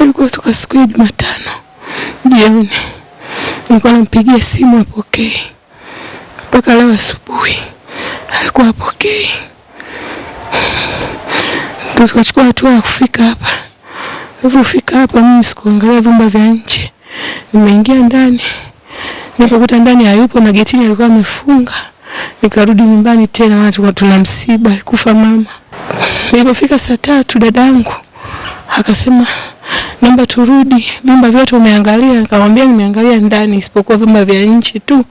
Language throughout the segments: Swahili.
Tulikuwa toka siku ya Jumatano jioni, nilikuwa nampigia simu apokee, mpaka leo asubuhi alikuwa apokee. Ndio tukachukua hatua ya kufika hapa. Nilipofika hapa, mimi sikuangalia vyumba vya nje, nimeingia ndani, nikakuta ndani hayupo na getini alikuwa amefunga. Nikarudi nyumbani tena, maana tulikuwa tuna msiba, alikufa mama. Nilipofika saa tatu dadangu akasema naomba turudi, vyumba vyote umeangalia? Nikamwambia nimeangalia ndani, isipokuwa vyumba vya nje tu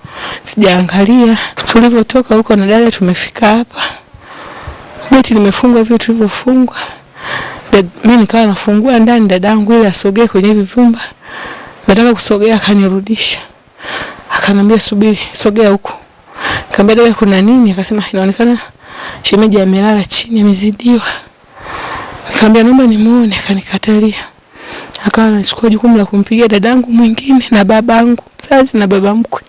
sijaangalia. Tulivyotoka huko na dada, tumefika hapa geti limefungwa hivyo tulivyofungwa, mimi nikawa nafungua ndani, dadangu ili asogee kwenye hivi vyumba, nataka kusogea, akanirudisha akanambia, subiri, sogea huko. Nikamwambia dada, kuna nini? Akasema inaonekana shemeji amelala chini, amezidiwa. Nikamwambia naomba nimuone, akanikatalia akawa anachukua jukumu la kumpigia dadangu mwingine na babangu mzazi na baba mkwe.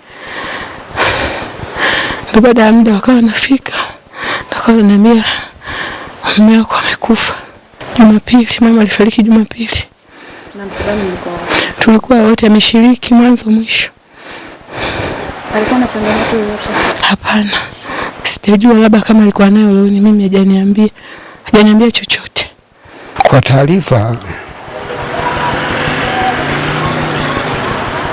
Baada ya muda wakawa nafika nakananiambia mume wako amekufa Jumapili. Mama alifariki Jumapili, tulikuwa wote, ameshiriki mwanzo mwisho. Hapana, sijajua labda kama alikuwa nayo leo, mimi hajaniambia, hajaniambia chochote kwa taarifa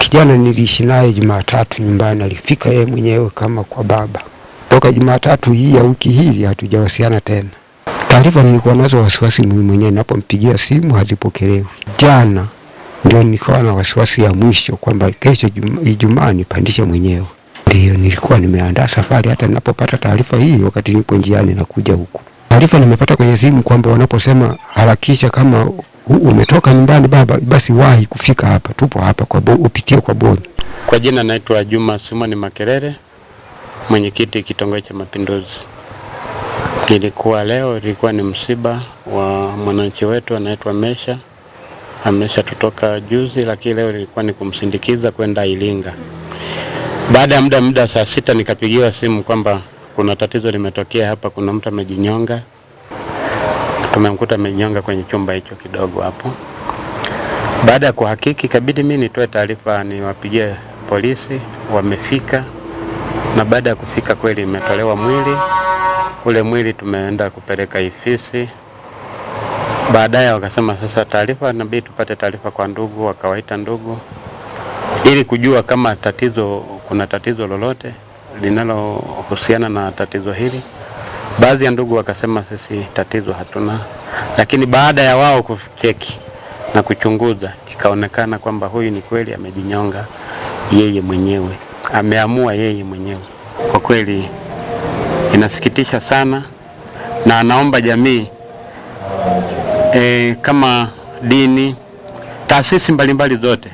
Kijana niliishi naye Jumatatu nyumbani, alifika yeye mwenyewe kama kwa baba. Toka Jumatatu hii ya wiki hii hatujawasiana tena. Taarifa nilikuwa nazo wasiwasi mimi mwenyewe, ninapompigia simu hazipokelewi. Jana ndio nikawa na wasiwasi ya mwisho kwamba kesho Ijumaa nipandishe mwenyewe. Ndio nilikuwa nimeandaa safari, hata ninapopata taarifa hii, wakati nipo njiani nakuja huku, taarifa nimepata kwenye simu kwamba wanaposema harakisha kama umetoka nyumbani baba, basi wahi kufika hapa, tupo hapa kwa bo, upitie kwa bodi. Kwa jina naitwa Juma Sumani Makerere, mwenyekiti kitongoji cha Mapinduzi. Nilikuwa leo, ilikuwa ni msiba wa mwananchi wetu anaitwa Mesha, amesha tutoka juzi, lakini leo ilikuwa ni kumsindikiza kwenda Ilinga. Baada ya muda muda, saa sita nikapigiwa simu kwamba kuna tatizo limetokea hapa, kuna mtu amejinyonga tumemkuta amejinyonga kwenye chumba hicho kidogo hapo. Baada ya kuhakiki, kabidi mimi nitoe taarifa, niwapigie polisi. Wamefika, na baada ya kufika kweli imetolewa mwili ule. Mwili tumeenda kupeleka ifisi. Baadaye wakasema sasa, taarifa nabii tupate taarifa kwa ndugu. Wakawaita ndugu ili kujua kama tatizo, kuna tatizo lolote linalohusiana na tatizo hili. Baadhi ya ndugu wakasema sisi tatizo hatuna, lakini baada ya wao kucheki na kuchunguza ikaonekana kwamba huyu ni kweli amejinyonga yeye mwenyewe, ameamua yeye mwenyewe. Kwa kweli inasikitisha sana, na anaomba jamii e, kama dini, taasisi mbalimbali zote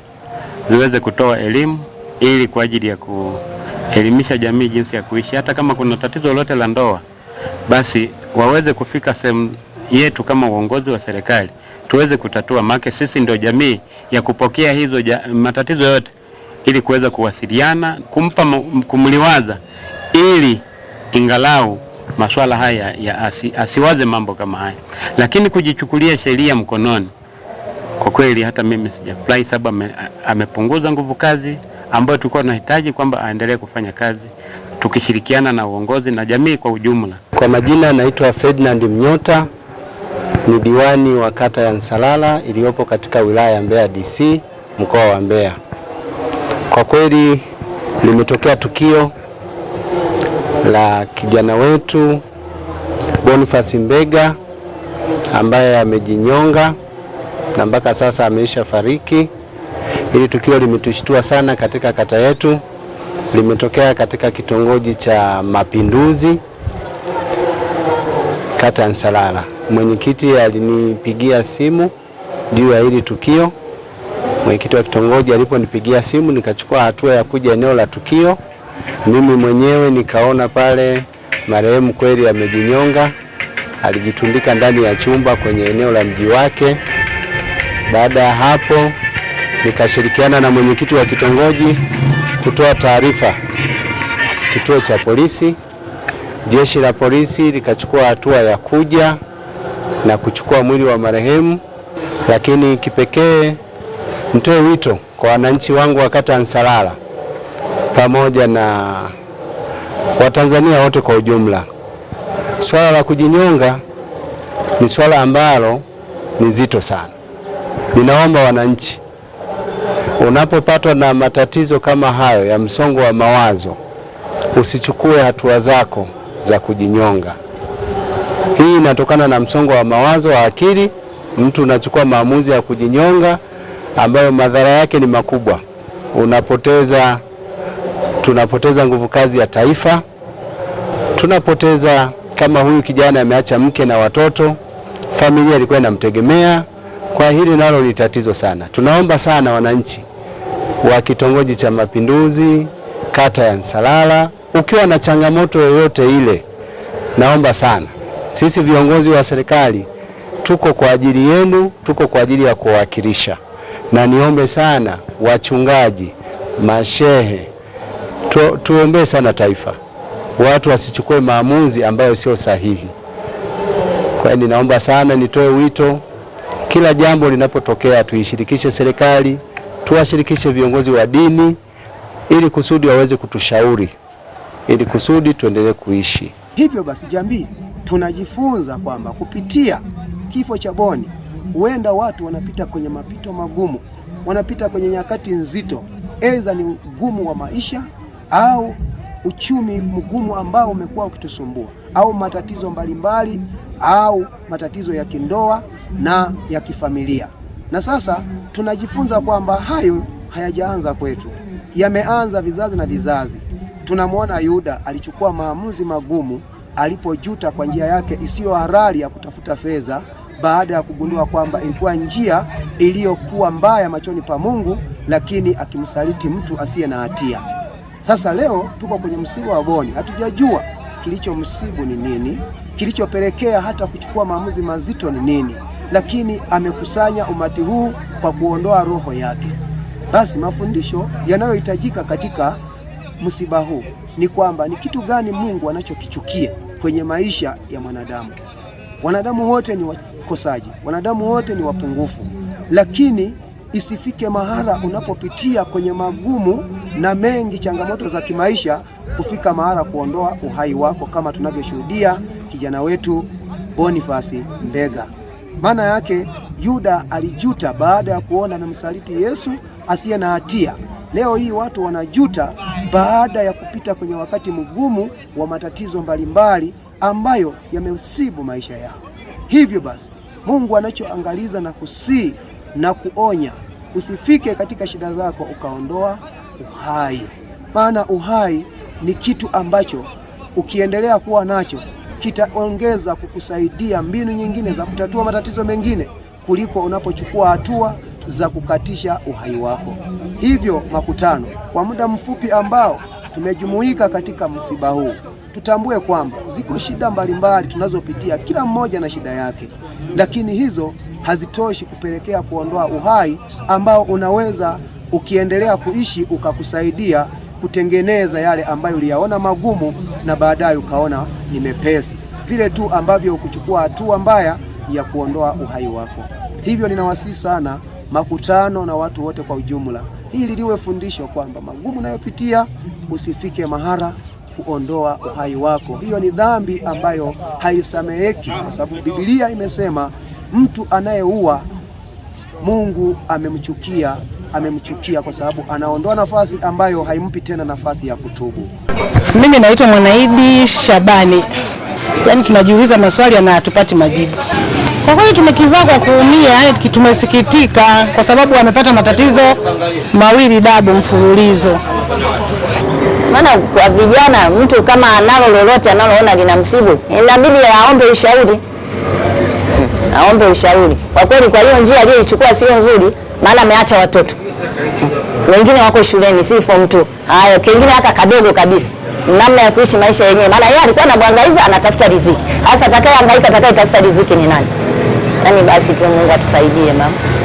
ziweze kutoa elimu ili kwa ajili ya kuelimisha jamii jinsi ya kuishi, hata kama kuna tatizo lolote la ndoa basi waweze kufika sehemu yetu kama uongozi wa serikali tuweze kutatua, make sisi ndio jamii ya kupokea hizo ja, matatizo yote, ili kuweza kuwasiliana, kumpa, kumliwaza, ili ingalau masuala haya ya asi, asiwaze mambo kama haya, lakini kujichukulia sheria mkononi, kwa kweli hata mimi sijafurahi, sababu amepunguza nguvu kazi ambayo tulikuwa tunahitaji kwamba aendelee kufanya kazi, tukishirikiana na uongozi na jamii kwa ujumla. Kwa majina naitwa Ferdinand Mnyota, ni diwani wa kata ya Nsalala iliyopo katika wilaya ya Mbeya DC, mkoa wa Mbeya. Kwa kweli limetokea tukio la kijana wetu Boniface Mbega ambaye amejinyonga na mpaka sasa ameisha fariki. Hili tukio limetushtua sana katika kata yetu, limetokea katika kitongoji cha Mapinduzi kata Nsalala. Mwenyekiti alinipigia simu juu ya hili tukio. Mwenyekiti wa kitongoji aliponipigia simu, nikachukua hatua ya kuja eneo la tukio. Mimi mwenyewe nikaona pale marehemu kweli amejinyonga, alijitundika ndani ya chumba kwenye eneo la mji wake. Baada ya hapo, nikashirikiana na mwenyekiti wa kitongoji kutoa taarifa kituo cha polisi. Jeshi la polisi likachukua hatua ya kuja na kuchukua mwili wa marehemu, lakini kipekee nitoe wito kwa wananchi wangu wa kata Nsalala pamoja na Watanzania wote kwa ujumla, swala la kujinyonga ni swala ambalo ni zito sana. Ninaomba wananchi, unapopatwa na matatizo kama hayo ya msongo wa mawazo, usichukue hatua zako za kujinyonga. Hii inatokana na msongo wa mawazo wa akili. Mtu unachukua maamuzi ya kujinyonga ambayo madhara yake ni makubwa. Unapoteza, tunapoteza nguvu kazi ya taifa, tunapoteza kama huyu kijana ameacha mke na watoto, familia ilikuwa inamtegemea. Kwa hili nalo ni tatizo sana. Tunaomba sana wananchi wa kitongoji cha Mapinduzi, kata ya Nsalala ukiwa na changamoto yoyote ile, naomba sana, sisi viongozi wa serikali tuko kwa ajili yenu, tuko kwa ajili ya kuwakilisha, na niombe sana wachungaji, mashehe, tu, tuombee sana taifa, watu wasichukue maamuzi ambayo sio sahihi. Kwa hiyo ninaomba sana nitoe wito, kila jambo linapotokea tuishirikishe serikali, tuwashirikishe viongozi wa dini ili kusudi waweze kutushauri ili kusudi tuendelee kuishi. Hivyo basi, jamii tunajifunza kwamba kupitia kifo cha Boni huenda watu wanapita kwenye mapito magumu, wanapita kwenye nyakati nzito, aidha ni ugumu wa maisha au uchumi mgumu ambao umekuwa ukitusumbua au matatizo mbalimbali au matatizo ya kindoa na ya kifamilia. Na sasa tunajifunza kwamba hayo hayajaanza kwetu, yameanza vizazi na vizazi. Tunamwona Yuda alichukua maamuzi magumu alipojuta kwa njia yake isiyo halali ya kutafuta fedha baada ya kugundua kwamba ilikuwa njia iliyokuwa mbaya machoni pa Mungu, lakini akimsaliti mtu asiye na hatia. Sasa leo tuko kwenye msiba wa Boni, hatujajua kilichomsibu ni nini, kilichopelekea hata kuchukua maamuzi mazito ni nini, lakini amekusanya umati huu kwa kuondoa roho yake. Basi mafundisho yanayohitajika katika msiba huu ni kwamba ni kitu gani Mungu anachokichukia kwenye maisha ya mwanadamu. Wanadamu wote ni wakosaji, wanadamu wote ni wapungufu, lakini isifike mahala unapopitia kwenye magumu na mengi, changamoto za kimaisha, kufika mahala kuondoa uhai wako, kama tunavyoshuhudia kijana wetu Bonifasi Mbega. Maana yake Yuda alijuta baada ya kuona na msaliti Yesu asiye na hatia Leo hii watu wanajuta baada ya kupita kwenye wakati mgumu wa matatizo mbalimbali ambayo yamesibu maisha yao. Hivyo basi, Mungu anachoangaliza na kusii na kuonya, usifike katika shida zako ukaondoa uhai, maana uhai ni kitu ambacho ukiendelea kuwa nacho kitaongeza kukusaidia mbinu nyingine za kutatua matatizo mengine kuliko unapochukua hatua za kukatisha uhai wako. Hivyo makutano, kwa muda mfupi ambao tumejumuika katika msiba huu, tutambue kwamba ziko shida mbalimbali tunazopitia, kila mmoja na shida yake, lakini hizo hazitoshi kupelekea kuondoa uhai ambao unaweza ukiendelea kuishi ukakusaidia kutengeneza yale ambayo uliyaona magumu na baadaye ukaona ni mepesi, vile tu ambavyo kuchukua hatua mbaya ya kuondoa uhai wako. Hivyo ninawasihi sana makutano na watu wote kwa ujumla. Hili liwe fundisho kwamba magumu unayopitia usifike mahara kuondoa uhai wako. Hiyo ni dhambi ambayo haisameheki, kwa sababu Biblia imesema mtu anayeua Mungu amemchukia, amemchukia kwa sababu anaondoa nafasi ambayo haimpi tena nafasi ya kutubu. Mimi naitwa Mwanaidi Shabani. Yaani tunajiuliza maswali na hatupati majibu. Kwa kweli tumekivaa kwa kuumia, yani tumesikitika kwa sababu wamepata matatizo mawili dabu mfululizo. Maana kwa vijana, mtu kama analo lolote analoona lina msibu, inabidi aombe ushauri, aombe ushauri. Kwa kweli, kwa hiyo njia aliyoichukua sio nzuri, maana ameacha watoto wengine wako shuleni, si form two, hayo kingine hata kadogo kabisa namna ya kuishi maisha yenyewe, maana yeye alikuwa anamwangaiza, anatafuta riziki. Hasa atakayehangaika atakayetafuta riziki ni nani? Yaani basi tu Mungu atusaidie mama.